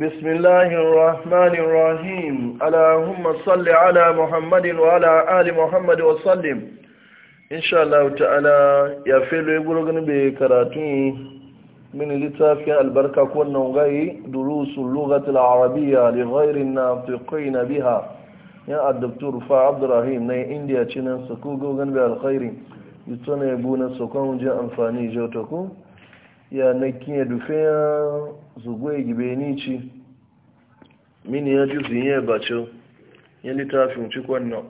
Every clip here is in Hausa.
بسم الله الرحمن الرحيم اللهم صل على محمد وعلى آل محمد وسلم إن شاء الله تعالى يا فيلو يقولون بكراتين من لتافي البركة كنا غي دروس اللغة العربية لغير الناطقين بها يا الدكتور فا عبد الرحيم ني انديا تشينا سكوغو غنبي الخير يتونا يبونا سكون جاء انفاني جوتكم ya na kinye dufe ya zugo igibe nici mini ya juzu yin yabacho yin littafin cikon nan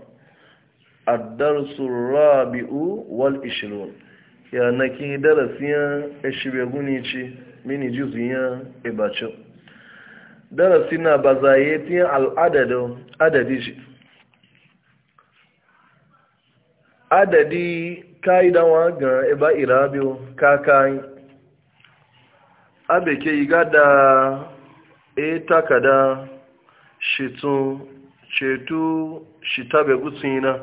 addarsu rabi'u wal ishirun ya na kinye darasi ya eshibegu nici mini juzu yin yabacho e darasi na bazaye zaye al'adadi al'adadin adadi shi adadi ka'idawa ga eba irabiyo kakayin abe ke yi gada e takada shitun ceto shi tabe na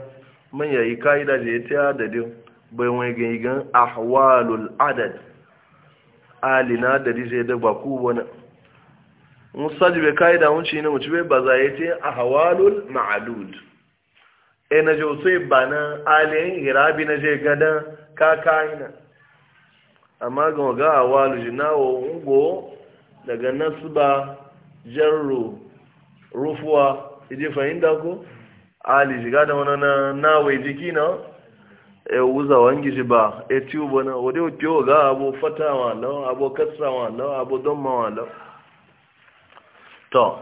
manya yi ka'ida da ya da adadin bai wani gangan ahwalul adad alina da zai da ba wani musaji bai ka'ida wunci ne mutu bai ba za ya ta ahwalul ma'adud e na je sai ba na hira hirabi na je gada ka ka'ina amma ga waga a walu jinawo ungo daga nasba jarru rufuwa ije fahimta ko ali shiga da wani na nawe jiki na e wuza wangi shi ba e tubo na wade ukiyo ga abu fata wa lau abu kasra wa lau abu domma wa lau to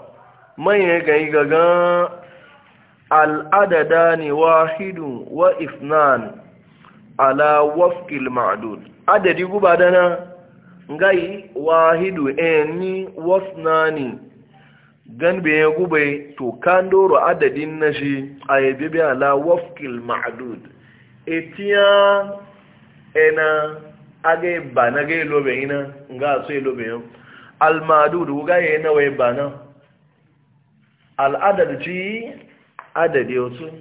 manye ga yi gaga al'adada ne wahidun wa ifnan ala wafkil ma'adud adadi guba dana ngai wahidu eni wasnani ganbe ya gube to kan doro adadin na shi a yabi bi ala wafkil ma'dud etiya ena age bana ge lobe ina nga so lobe yo al ma'dud ga yana wai bana al adad ji adadi otu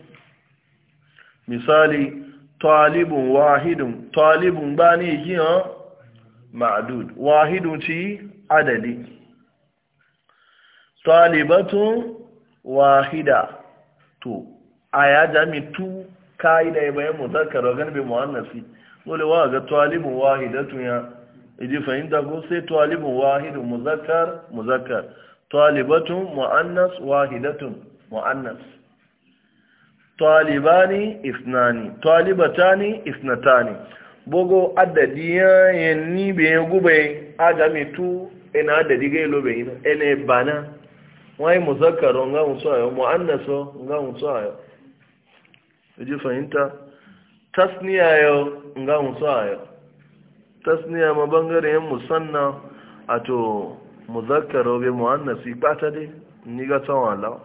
misali talibun wahidun talibun ba ni yiyan ma'adud wahidun ci adadi talibatun wahida to a ya jami tu ka'ida ya bayan mutakar gan bi muhannasi dole wa ga talibun wahidatun ya idi fahimta ko sai talibun wahidun muzakkar muzakkar talibatun muannas wahidatun muannas talibani ifnani talibatani ifnatani bogo adadi yayin ni be gube agami tu ina adadi ga lobe ina ene bana wai muzakkaro nga ayo muannaso nga ayo ji fahimta tasniya yo nga ayo tasniya ma bangaren musanna ato muzakkaro be muannasi patade ni ga tsawon Allah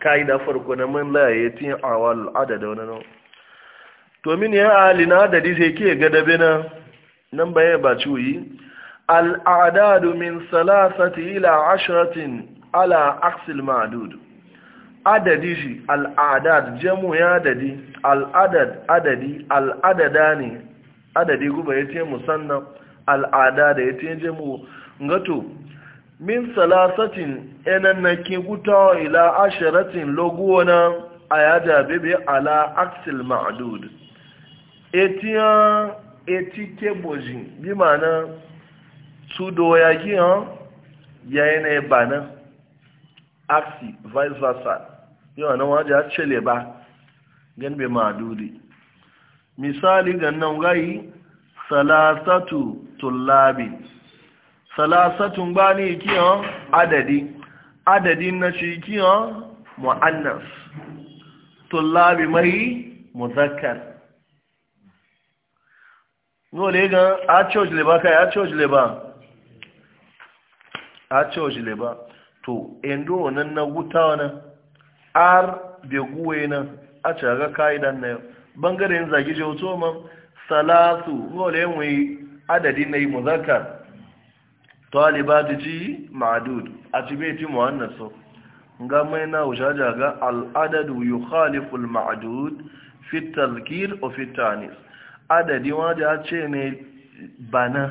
ka'ida farko na man laye a wal adada nan to min ya na adadi sai ke gada dabe na nan baye ba ci wuyi al'adadu min salasati ila ashiratin ala aksil ma'dud adadi shi al'adad jamu ya adadi al'adad adadi al'adada ne adadi guba yace sannan al'adada ya yace jamu gato. min salasatin enannaki guta ila ashiratin logona a yada bebe ala axel ma'adud etiyan etike boji bi mana su ya han yayi na bana axi vice versa yau na waje a cele ba ganbe ma'adudi misali gannan gayi salasatu tullabin salasatun ba ne kiyan adadi adadin na shi kiyan mu'annas tullabi mai muzakkar le ga a church le ba kai a church le ba a church le ba to endo wannan na guta wannan ar be guwe nan a caga kaidan na bangaren zagi je hoto man salatu nole yin adadin na yi muzakkar talibatu ji ma'dud a cibe ti muhannasu ga mai na ushaja ga al'adadu yukhalifu al-ma'dud fi tazkir o fi tanis adadi waje ce ne bana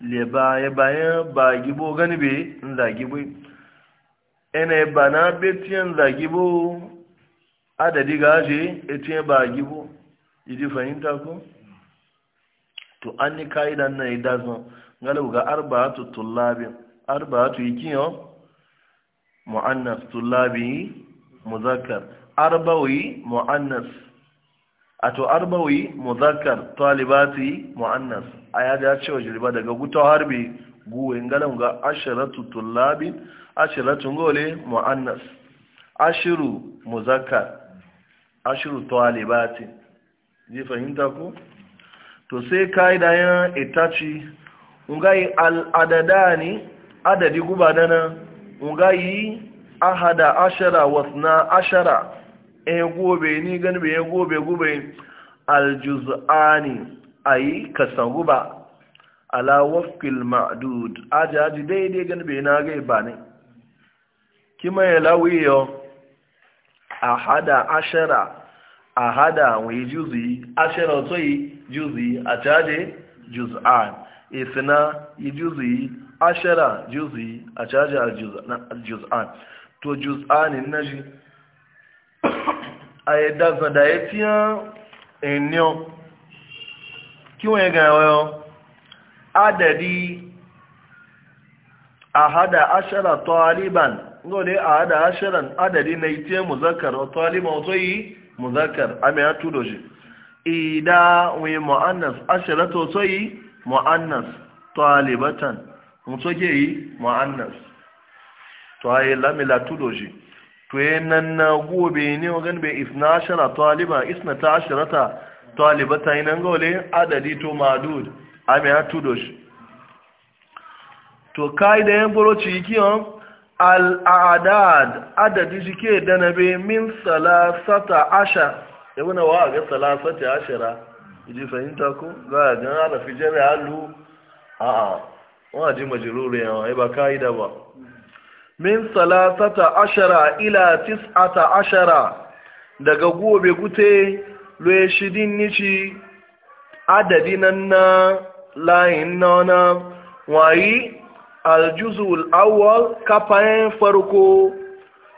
le baya bayan ba gibo gani be zagibo ina bana betiyan zagibo adadi gaje etiyan ba gibo idi fahimta ko to an ni kaidan na idazan ngalaw ga arba'atu tullabi arba'atu yikiyo muannas tullabi muzakkar arbawi muannas ato arbawi muzakkar talibati muannas aya da cewa jiriba daga guto harbi guwe ngalaw ga asharatu tullabi asharatu ngole muannas ashiru muzakkar ashiru talibati ji fahimta ku? to sai ya itaci ngai al'adadani adadi gubanana ngai ahada ashara wasna ashara e gobe ni gani be e gobe gube aljuz'ani ayi kasan guba ala wafqil ma'dud aja aji daidai gani na gai bane kima ya lawiyo ahada ashara ahada wai juzi ashara toyi juzi a caje juz'an isna yi juzi ashara juzi a caji aljuz'an to juz'anin na ji a yadda zada ya fiye eniyan kiwon ya gaya wayo adadi a hada ashara taliban gole a hada asharan adadi na ite muzakar yi muzakar mai hatu doji mu'annas talibatan mutu ke yi mu'annas to ayi lamila tudoji to yi nan na gobe ne wagan bai isna ashara taliba isna ta ashirata talibata yi nan gole adadi to madud Amina ha tudoji to kai da yan buro ci kiyon al'adad adadi shi ke danabe min salasata ashar ibina wa ga salasata ashara ji fahimta ko za a gan harafi jami halu a'a wani ji majalori yawa ba ka'ida ba min salatata ashara ila tis tis'ata ashara daga gobe gute loye shidin nici adadinan na layin nana wayi aljuzul awwal kafayen farko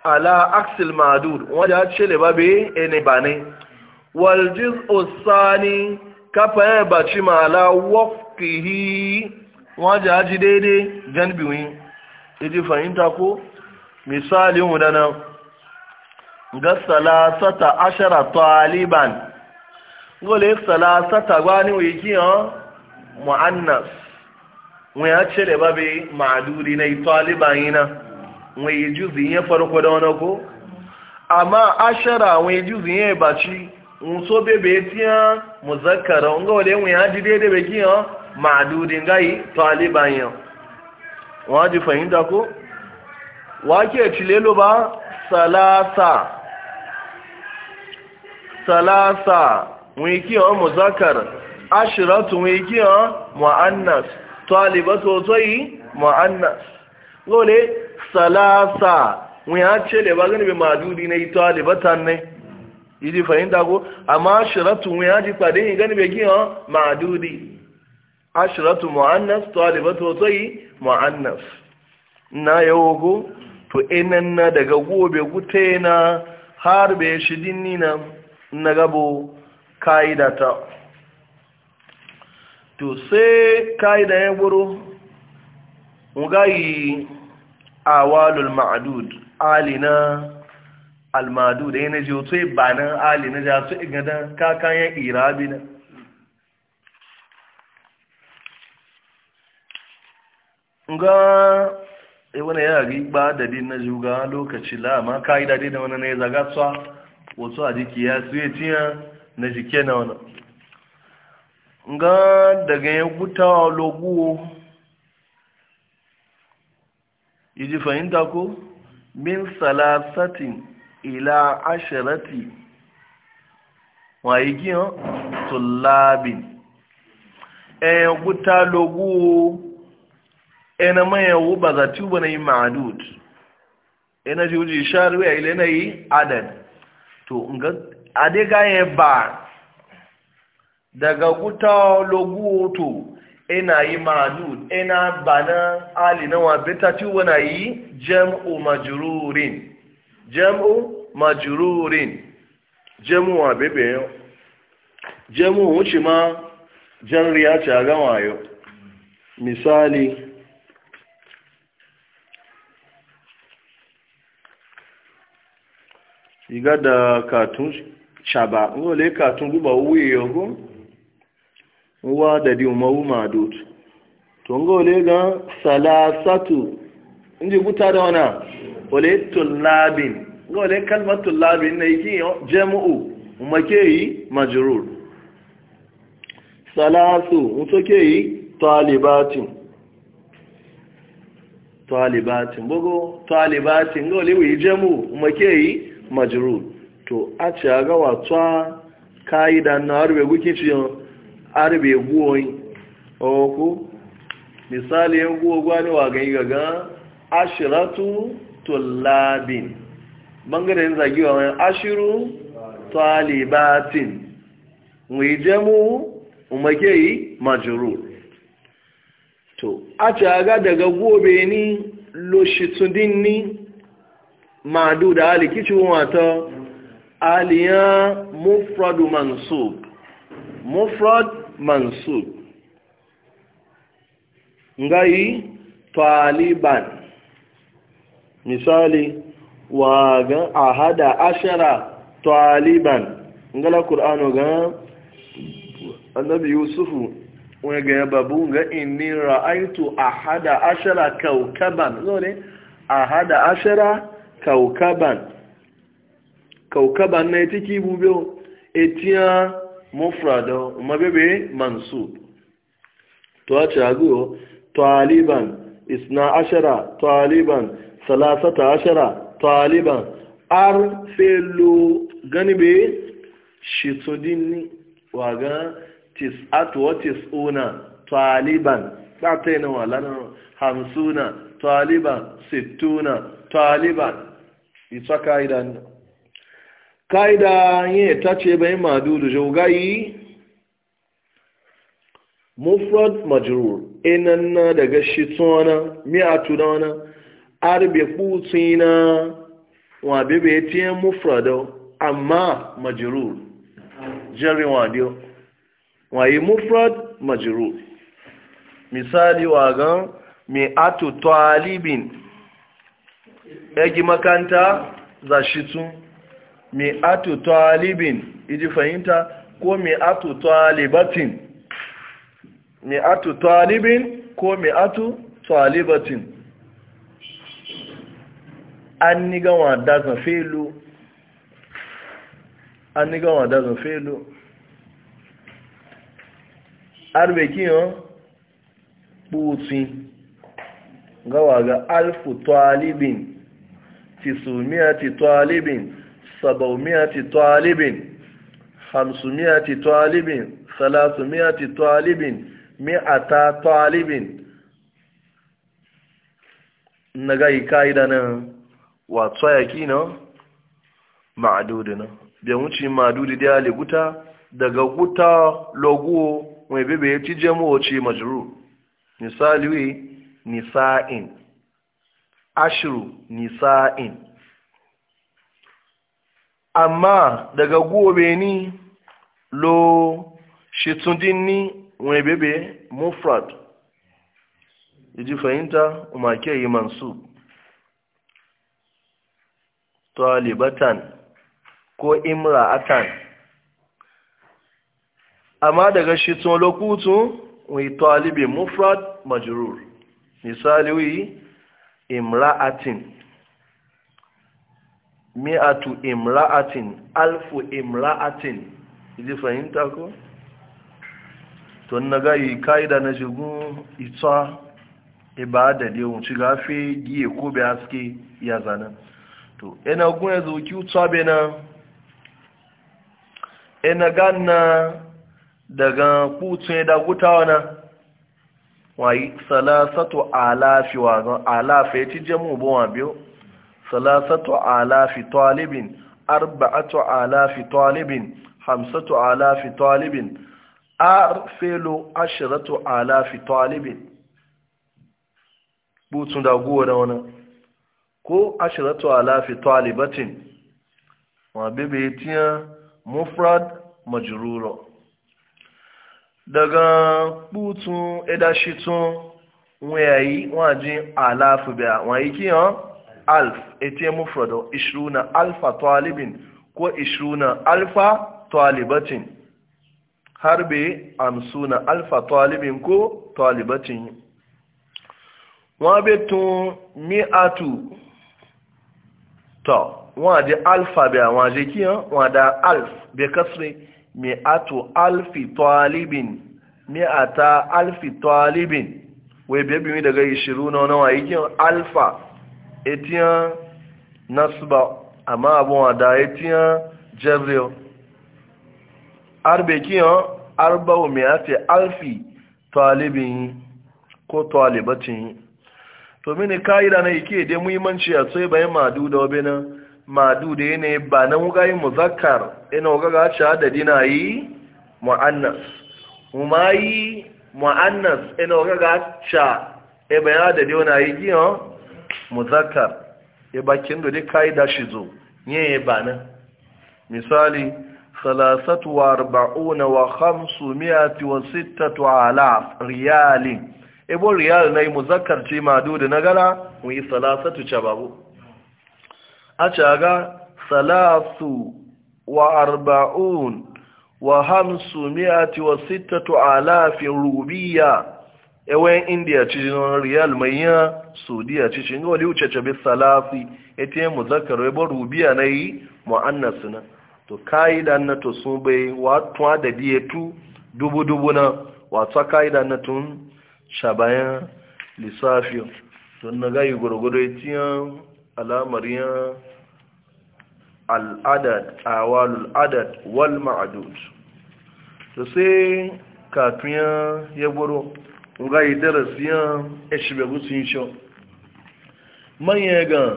ala aksil madur wajen ce le babe ene bane waljiz usani kafa ya baci ma'ala wafihi wajen haji daidai janbiwin iji fahimta ko misali wudana ga salasata ashara taliban gole salasata gwani wiki yan mu'annas wani ya cire babe ma'aduri na taliban yana wani juzi ya farko da wani ko amma ashara wani juzi baci nso bebe tia muzakara nga wale mu ya ji daidai bai kiyan ma'adudin gai taliban yan wa ji fahimta ko wa ke cilelo ba salasa salasa wani muzakara ashiratu wani kiyan mu'annas talibatu toyi mu'annas wale salasa wani ya cele ba gani bai ma'adudi na yi ne idi fahimta ko amma shiratun ya ji kwade gani bai giyan ma'adudi ashiratu mu'annas talibatu wa tsayi mu'annas na yawo ko to inanna daga gobe gute na har bai shi dinina na na gabo ka'ida ta to sai ka'ida ya guru a awalul ma'adud alina almadu da yana ji wato ba na ali na ja su igadan kakayen irabi na eh, ga e wani ya ri ba da din na juga lokaci la ma kai da din wani ne zaga tsa wato a jiki ya su tiya na jike na wani ga daga ya guta logo yi ji fahimta ko min salasatin ila asharati waye giyan tulabin ẹ̀yàn gúta logú ẹna mayawu ba za tuba na yi ma'adud ẹna ji wuji shari'a ya ile na yi adad to adega ya ba daga gúta logú to ẹna yi ma'adud ẹna ba na ali na wa beta tuba na yi jam'u majururin jam'u majrurin jemu wa bebe yo jemu wuce ma jarri ya ci gama yo misali iga da katun shaba ngole katun guba wuye yo wa da di umaru madut to ngole ga salasatu inji guta da wana wale tullabin ga wale kalmar tullabin na yake jam'u make yi majrur salasu mutu ke yi talibatin talibatin bugu talibatin ga wale yi jam'u make yi majrur to a ci aga wata ka'ida na arbe gukiciyar harbe guwoyi oku misali yan guwo gwani wa gani gaga ashiratu tullabin bangaren zagiwa wani ashiru talibatin wajemu yi majurur to a caga daga gobe ni loshitudin ni madu da alikicin wata aliyan mufradu mansub mufrad mansub ngayi taliban misali wa gan ahada ashara taliban ngala qur'ano gan annabi yusufu wani ga babu ga inni ra'aitu ahada ashara kaukaban zo ne ahada ashara kaukaban kaukaban na tiki bubio etiya mufrado mabebe mansub to a taliban isna ashara taliban salasata ashara taliban ar felo gani be shitodin waga tis'atu wa tis'una taliban ta yana walana hamsuna taliban situna taliban ita ka'ida ka'ida yin ta ce bai madudu jaugayi mufrad majrur inanna daga shitona mi'atu na wana arbe futsi na wa bebe tie mufrado amma majrur jarri wa dio wa yi mufrad majrur misali wa ga mi atu talibin egi makanta za shitun mi atu talibin iji fahimta ko mi atu talibatin mi atu talibin ko mi atu talibatin an ni gawa dazan felu an ni gawa dazan felu arbe kiyan putin gawa ga alfu talibin tisumiyati talibin sabaumiyati talibin hamsumiyati talibin salasumiyati talibin mi'ata talibin na ga yi ka'ida nan wato ya na ma'adudu na da wuce ma'adudu da ya daga guta logo mai bebe ya ci jamo ce majuru misali nisa'in ashiru nisa'in amma daga gobe ni lo shitundin ni mai bebe mufrad iji fahimta umarke yi mansub talibatan ko imra'atan amma daga shi tun lokutu wi talibi mufrad majrur misali wi imra'atin mi'atu imra'atin alfu imra'atin idi fahimta ko to na ga yi kaida na shigun ita ibada da yawon ci gafe giye ko bai haske ya zanen to gona gune zuki utsabe na Ina ganna daga ne da gutawa na wayi salasatu alafi wa alafi ya ci jamu bawa biyu salasatu alafi talibin arba'atu alafi talibin hamsatu alafi talibin arfelo ashiratu alafi talibin butsun da gowa da wani ko ashiratu alafi talibatin wa bebe tiya mufrad majruro daga butun edashitun wayayi wajin alafu biya yi kiyan alf mufrad mufrado ishruna alfa talibin ko ishruna alfa talibatin harbe amsuna alfa talibin ko talibatin wa betun mi'atu to waje alfa bai waje kiyan wada alf bai kasre mai ato alfi talibin mai ata alfi talibin wai bai daga 20 na nawa kiyan alfa etiyan nasba amma abun wada etiyan jebrio arbe kiyan arba'u mai ate alfi talibin ko talibatin to mini ka'ida na yake da muhimmanci a tsaye bayan madu da na madu da ne ba na yi muzakar ina ga gaci adadi na yi mu'annas kuma yi mu'annas ina ga gaci e bayan adadi wani yi giyan muzakar ya e bakin da dai ka'ida shi zo yin ba na misali salasatu wa arba'una wa hamsu miyati wa sittatu ala riyalin ibon riyal na yi muzakkar ce na da nagara mu yi salasatu ce babu a ga salasu wa arba'un wa hamsu miyati wa sittatu alafin rubiya ewen indiya ci jinon riyal mai yi saudiya ci cin gole wuce ce bi salasi ita yi muzakar ibon rubiya na yi mu'annasu na to da na to sun bai wa tuwa da biye dubu dubu na wata da na tun shabayan lissafiyo don na gayi gwargwado tiyan alamar yan al'adad awalul adad wal ma'adud to sai kafin ya gwaro gayi darasi yan eshibagu sun manyan gan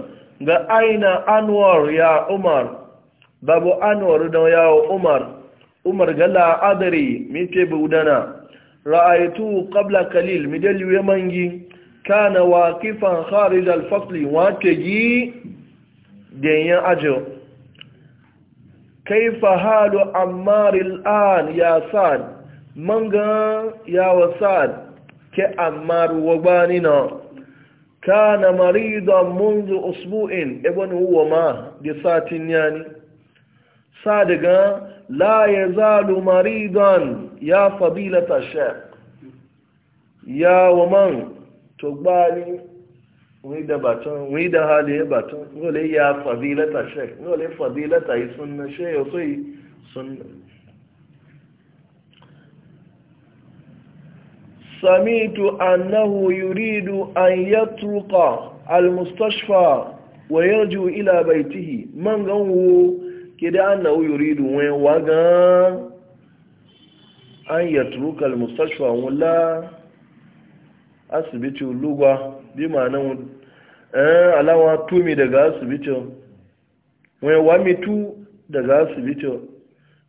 ga aina anwar ya umar babu anwar don yawo umar umar ga la'adari budana ra'aitu qabla kalil midali mangi kana waqifan kharij al-fasl wa taji denyan ajo kaifa halu ammar al-an ya sad manga ya wasad ke ammar wabanina kana maridan منذ usbu'in ibn huwa ma di satin yani sadaga la ya zalu maridan ya fabilata shek ya wa man to gbani wani da batun wani da hali ya batun wale ya fadilata sheikh wale fadilata yi sunna sunna يريد al يترك المستشفى ويرجع إلى بيته من قوه kede annahu yuridu wa gan an yatruka almustashfa wala asibiti lugwa bi ma'ana eh alawa tumi daga asibiti wen wami tu daga asibiti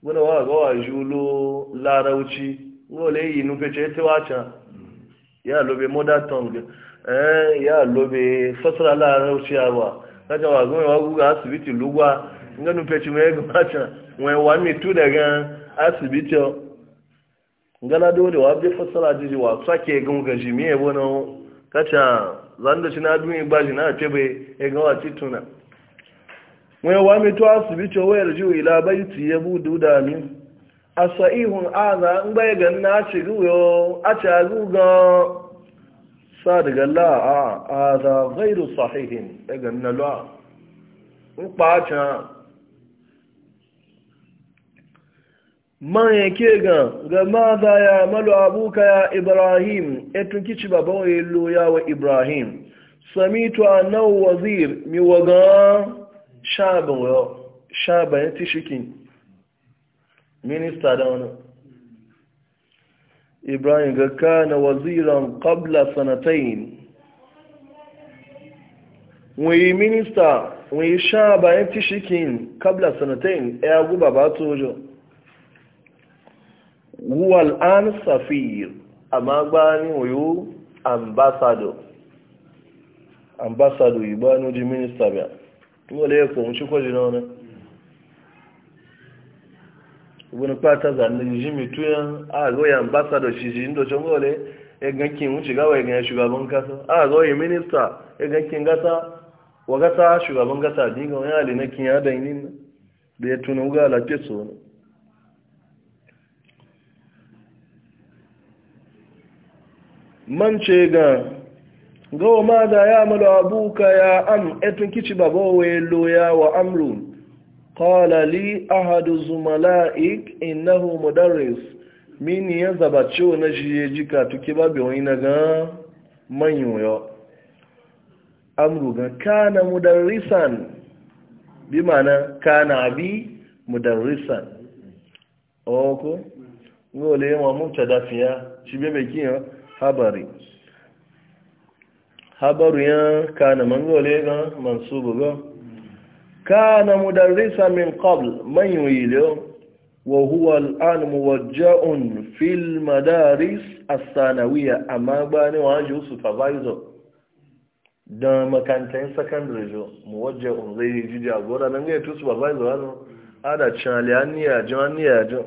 wani wa ga wa julo larauci wole yi nufe ce ta wacha ya lobe modern tongue eh ya lobe fasara larauci awa kaga wa ga wa ga asibiti lugwa ganin feci mai gabata mai wa mitu daga asibiti gana dole wa bai fassara jiji wa sake gungaji mi yabo na kacha zanda shi na duniya ba shi na ce bai ya gawa tituna mai wa mitu asibiti wayar ji ila baiti ya budu da min a sa'ihun aza in bai gan na ci guyo a ci agugan sadiga la a za gairu sahihin daga e nalwa in can. man yake ga ga maza ya malu abuka ya ibrahim etun kici baban wa lo ya wa ibrahim samitu annahu wazir mi waga shaban wa shaban ya ti shikin minista da wani ibrahim ga kana waziran kabla sanatain wani minista wani shaban ya ti shikin kabla sanatain ya e guba ba tojo huwa an safir amma gbani oyo ambassador ambassador ibanu di minister biya wọle ya kọ̀wọ́n ṣíkọ́ jù náà náà wani fata zanen jimi tuyan a goyi ambassador shi shi indocin gole ya gankin wuce gawa ya shugaban kasa a goyi minista ya gankin gasa wa gasa shugaban gasa dinga wani alinakin ya dainin da ya tuna wuga lafiya su wani man ce ga gawa ma da ya malo abuka ya am etun kici baba waye loya wa amrun qala li ahadu zumala'ik innahu mudarris min ya ciwo na jiye jika tuke babe wani na ga manyo yo amru ga kana mudarrisan bi mana kana bi mudarrisan oko ngole ma mubtada dafiya shi bebe kiyan habari habari ya kana mangolega mansubu ga kana mudarrisa min qabl man yuyilo wa huwa al'an muwajja'un fil madaris as-sanawiyya amma bani waju supervisor da makantan secondary jo muwajja'un zai jiji agora nan ga to supervisor ana ada chaliani ya jani ya jo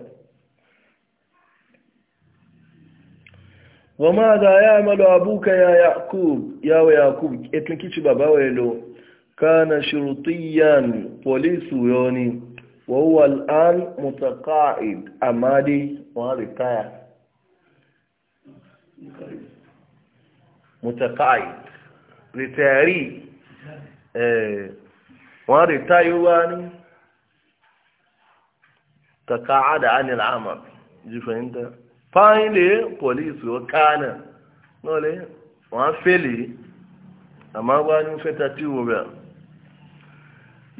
wa ma za ya malo abuka ya yakub yawa yakub etun kici baba welo kana shirutiyan polisi yoni wa huwa al'an mutaqa'id amma dai wa ritaya ritari wa ni taqa'ada anil amal ji fahimta fáyínlẹ̀ pọ̀lísì ọ̀kánà lọ́lẹ̀ wọ́n fẹ́lẹ̀ àmágbáyé wọ́n bẹ̀rẹ̀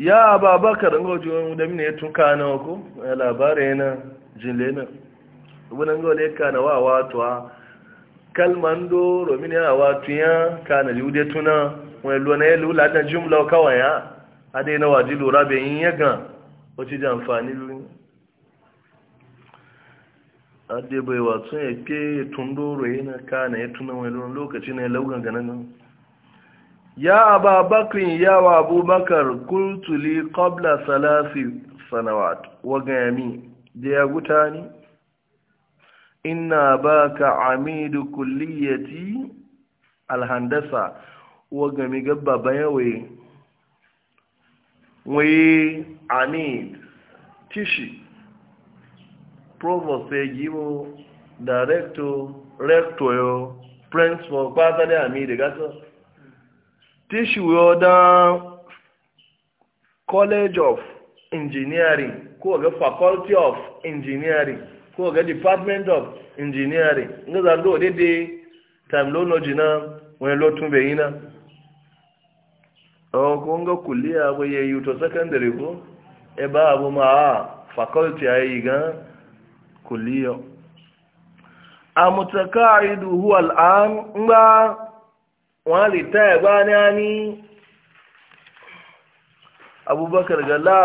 ya ababakar ngoji wani da mini ya tuka na wako ya labarai na jinle na wani ngole ka na wa wato a kalman doro mini a ya ka na liude tuna wani na ya lula da jumla kawai adai na bayan amfani adde bai wato ya ke tun doro yana kana ya tuna wani don lokaci na ya laugan ganin nan ya aba bakin ya wa abubakar kultuli kobla salafi sanawat wa gami da ya guta ni ina ba ka amidu kulliyati alhandasa wa gami gabba bayawai waye amid tishi provost ya gibo director rector yo principal kwata da ami da gasa tishu yo da college of engineering ko ga faculty of engineering ko ga department of engineering nga za ndo dede terminology na wani lotun bayi na o ko nga kuliya bo ye yuto secondary ko e ba abu ma ah, faculty ayi gan kuliyo a mutakaidu huwa al'an ngba wọn lè ta ẹgbá ní a abubakar gala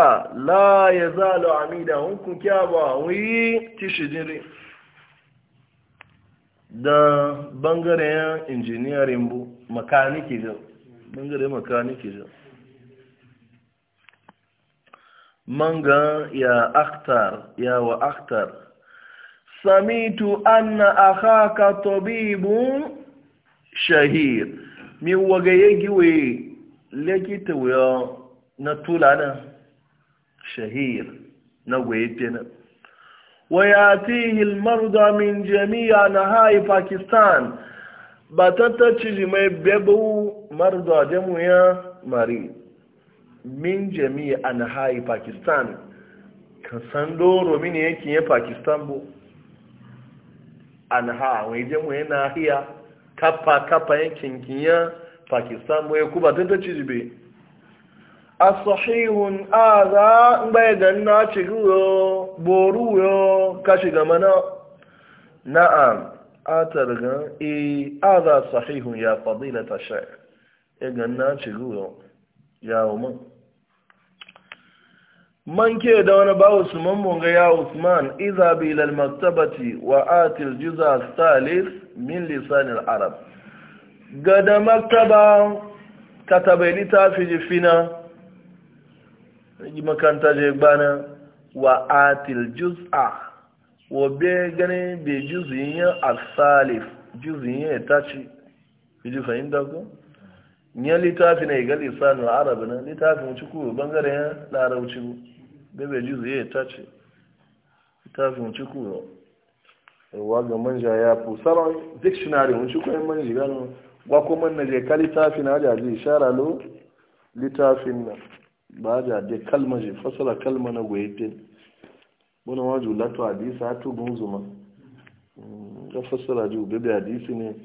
la yazalu amida hunkun kí a bọ̀ àwọn yí ti ṣìdírí da bangaren injiniyarin bu makaniki da bangare makaniki da manga ya akhtar ya wa akhtar samitu anna akhaka tabibun shahir mi wagaye giwe lekita wuyo na tulana shahir na gwaye tena وياتيه المرضى من جميع Pakistan? باكستان batata ciji mai bebu marda jamuya mari min jami'a an hayi pakistan ka san doro mini yake ya pakistan bu anha awon ije mu na ahia kapa kapa yankin kinya pakistan mu kuba tun ta cijibe asahihun aza bai da na cigiyo boru yo kashi shiga mana na'am A ga e aza sahihun ya fadilata sha'ir ya ganna cigiyo ya umar man ke da wani ba usman munga usman iza bi lal maktabati wa atil juza salis min lisanil arab gada maktaba katabai littafi jifina makanta je gbana wa atil juz'a wa be gane be ya asalif juz'in ya tachi ji fahimta ko ya littafi na iga lisanil arab na littafin ciku bangaren larabci bebe juzu ya tace littafin ciku yau ruwa ga manja ya fi tsaron dictionary wunci kwayan manji gano gwakon man na je ka littafin na jaji ishara lo littafin na ba ja de kalma je fasara kalma na gwaifin wani waju lato hadisa hatu gunzuma mm, ga fasara ju bebe hadisi ne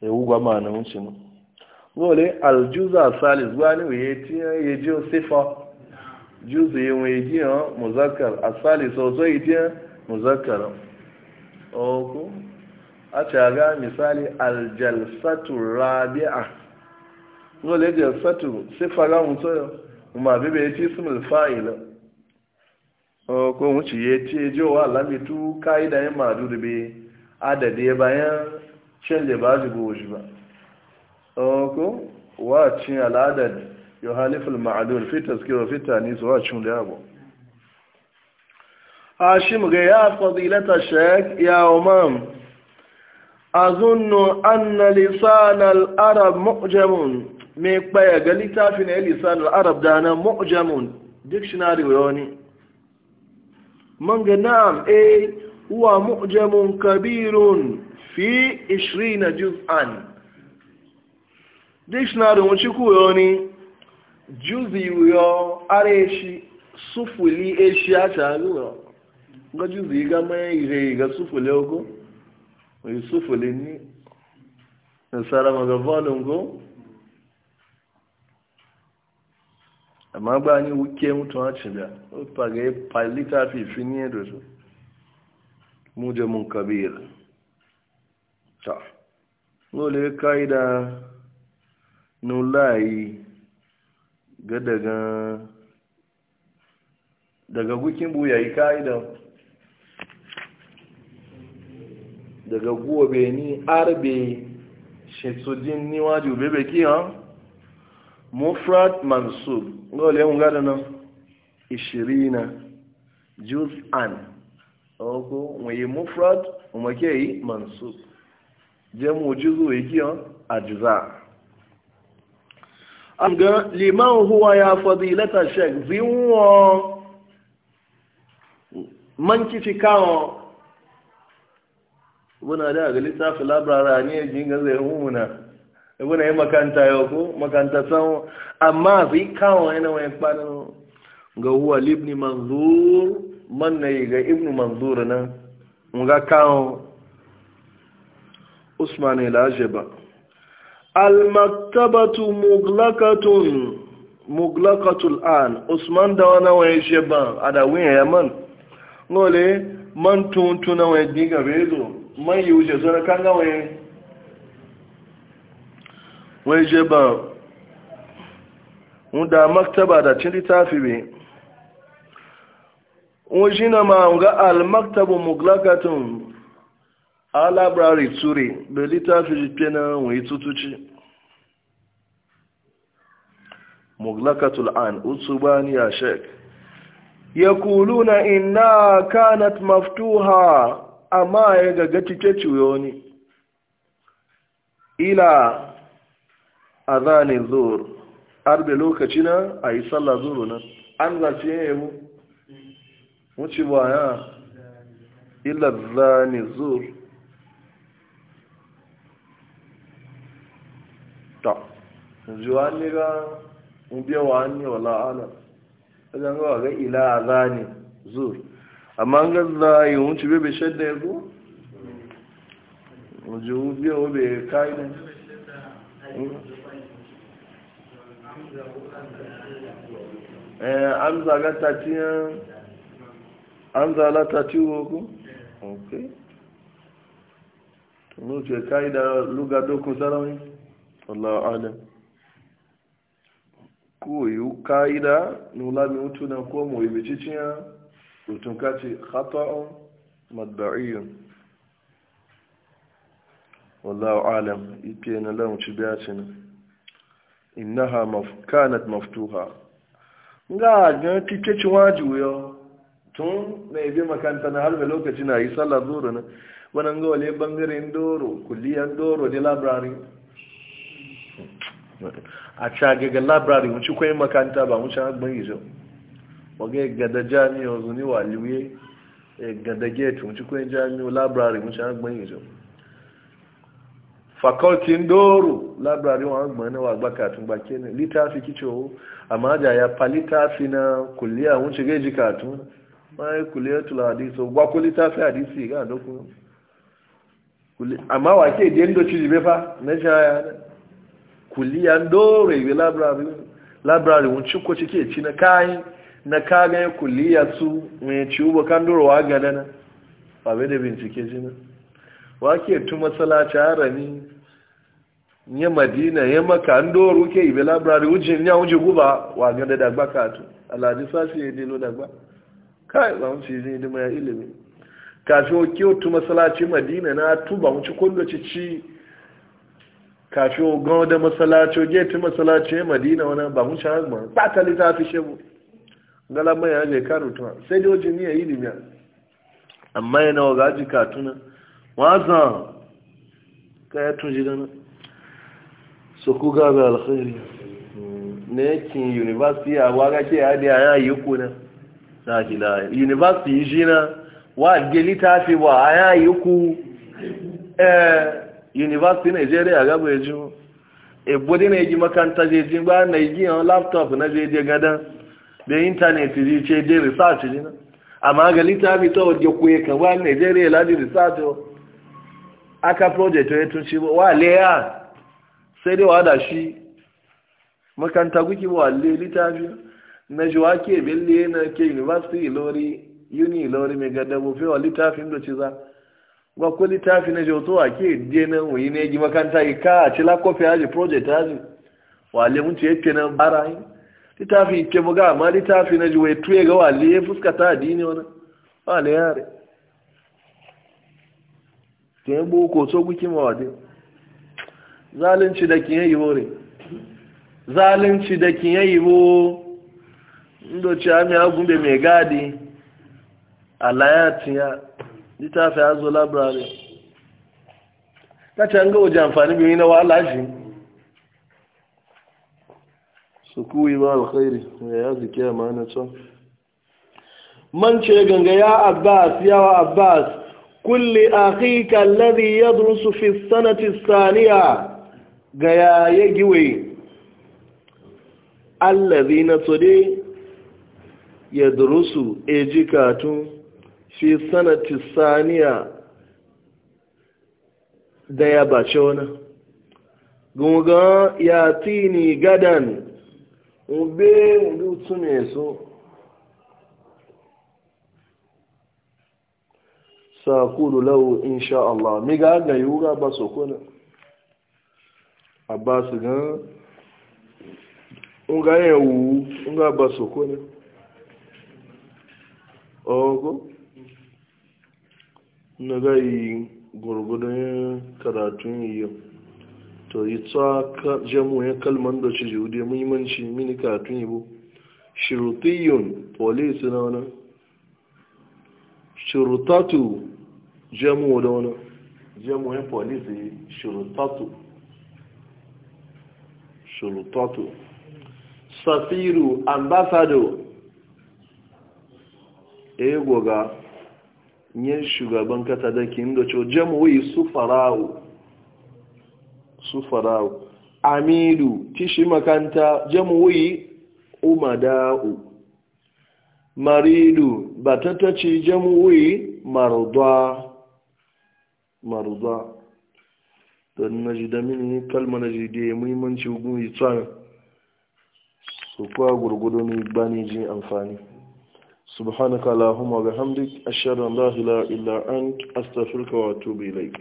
ya wugwa ma mun ci ma wale aljuza salis gwani wa ya ji sifa juzu yin wai jiya muzakar asali sosai jiya muzakkar oku a caga misali aljalsatu rabi'a dole jalsatu fara mutu ma bebe ya ci sumul fa'ila oku wuce ya ce jowa lamitu ka'ida yin madu da bai adadi bayan cin da ba zubo shi ba oku wa cin al'adadi يخالف المعدول في تذكير وفي التانيث واشم لابو هاشم يا فضيلة الشيخ يا أمام أظن أن لسان العرب معجم ميكبايا قلتا فين لسان العرب دانا مؤجم ديكشناري ويوني من نعم اي هو مؤجم كبير في عشرين جزءا ديكشناري ونشكو يوني juzi yo eshi sufuli eshi achagulo nga juzi ga maire ga sufuli oko oyi sufuli ni nasara maga valongo amma ba ni wuke mutu hacin da faga ya e palita fi finye da su mujamun kabir ta nole n'ụlọ anyị! ga daga daga gukin buya yi ka'idan daga gobe ni arbe shetsudin niwaji obebe ki ha mufrat mansub ngole yawon gada nan ishirina juz an oko nwaye mufrat umake yi mansub jemu juzu yi ki ha ajuza an liman huwa ya fadilata shek zinwo man kici kawo muna da ga littafi labarara ne ya jinga zai muna muna yi makanta yau ko makanta san amma zai kawo yana wani kwanan ga huwa libni manzur man na yi ga ibnu manzur nan nga kawo usman ba. almaktabatu muglakatun muglakatul an usman da wani wani sheban a da wuyan yaman nole man tuntuna wani diga bezo man yi wuce suna kan ga wani wani sheban da maktaba da cin littafi bi wani shi na ma ga almaktabu muglakatun a labrari ture da littafi pena wani tutuci muglakatul an utsubani ya kulu na ina kanat maftuha amma ya gaga cike ciwoni ila azanin zuwar arbe lokaci na a yi sallah zuwa nan an zafi mu. yabo wuce baya ila zanin zuwar ta zuwa ni ga in biya wa hannu wala ala wajen gawa ga ila za ne zur amma an gaza yi wunci bebe shadda ya zo wajen biya wa bai kai ne eh, an zaga tatiyan an zala tatiwo ku? ok tunu ce kaida da luga dokun sarawin Allah alam ko yi ka'ida nula mai na, ko mai biciciya rutun kace khata'un madba'iyun wallahu alam ipe na lamuci biya ce na innaha kanat maftuha ga ga tikeci wajiyo tun na bi makanta na harbe lokaci na yi sallar zuru na wannan ga wale bangaren doro kulliyan doro da labarin a cagaga labrari wuce kwayin makanta ba wuce agbon ijo waga gada jami'a zuni wa liwe e gada gate wuce kwayin jami'a labrari wuce agbon ijo faculty ndoro labrari wa agbon na wa gbaka tun ba kenan littafi kicho amma da ya fa littafi na kulliya wuce gaji katun ma yi e kulliyatul hadisi gwa ko littafi hadisi ga dokun amma wa ke dindo ci jibe fa na jaya kuliya ndoro ibe library library unchuko chike china kai na kaga kuliya su mai ciwo kan ndoro wa gana na ba bai bincike jina wake tu masalaci harami ya madina ya maka ndoro ke ibe library ujin ya uje guba wa gana da gba katu alhaji sashi ya dilo da gba kai ba mu ci ni mai ilimi kafin o kiyo tu masalaci madina na tuba mu ci ci ci kafi ogan da masalaci gefe masalaci ya madina wani ba mun shahar ma ba ta fi shebu galama ya je tuwa sai da wajen niya yi limiya amma yana waga ji katuna wazan ka ya tun ji dana su ku gaba alkhairi hmm. na yakin yunivasiti ya waga ke hadi a yayi yuku na na gila yunivasiti yi shi na wa gelita fi wa a yayi yuku eh university naijiria ga bụ eju ebodi na eji makanta jeji ji na eji on laptop na je je gada da internet ji ce je research ji na amma ga litafi to je kuye ka nigeria la aka project ya tun ci wa leya sai dai wa da shi makanta kuki wa le litafi na ji wa ke na ke gada wa za ba ko littafi na jauto a ke dena wuyi ne ji makanta yi ka a cila kofi haji project haji wale mun ce yake nan bara yi littafi ke buga ma littafi na juwai tuye ga wale ya fuskata dini wani wale yare ta yi boko so guki ma wade zalunci da kin yi hore zalunci da kin yi bo ndo ci ami agunbe mai gadi alayatiya littafi ya zo labirari ta an ga waje amfani biyu na wahala shi su kuwi ba alkhairi ya ya zike a ma'ana can man ce ganga ya abbas yawa abbas kulle kulli kallari ya durusu fi sanati saniya ga ya giwe allazi na tsode ya durusu ejikatun fi sanati saniya da ya bace wani gunga ya tini gadan ube rutu ne so sakulu lau insha Allah mi ga ga yura ba so kuna abbas ga unga yawu unga ba so na ogo na gai gwargwadon karatun yiyo to yi tsaka jamuwa kalman da ci jiwu da muhimmanci mini karatun yiwu shirutiyun polisi na wani shirutatu jamuwa da wani jamuwa polisi shirutatu shirutatu safiru ambasado e, ga. yin shugaban kasa da ke inda cewa jamhuri su fara'u su fara'u amidu tishi makanta jamhuri umada'u maridu ba ta tace jamhuri marudwa marudwa don na ji damini kalma na ji daya muhimmanci hukun yi tsarin su kwa gurgudu ne ba ne ji amfani subhanaka allahumma wa bihamdik ashhadu an la ilaha illa ant astaghfiruka wa atubu ilaik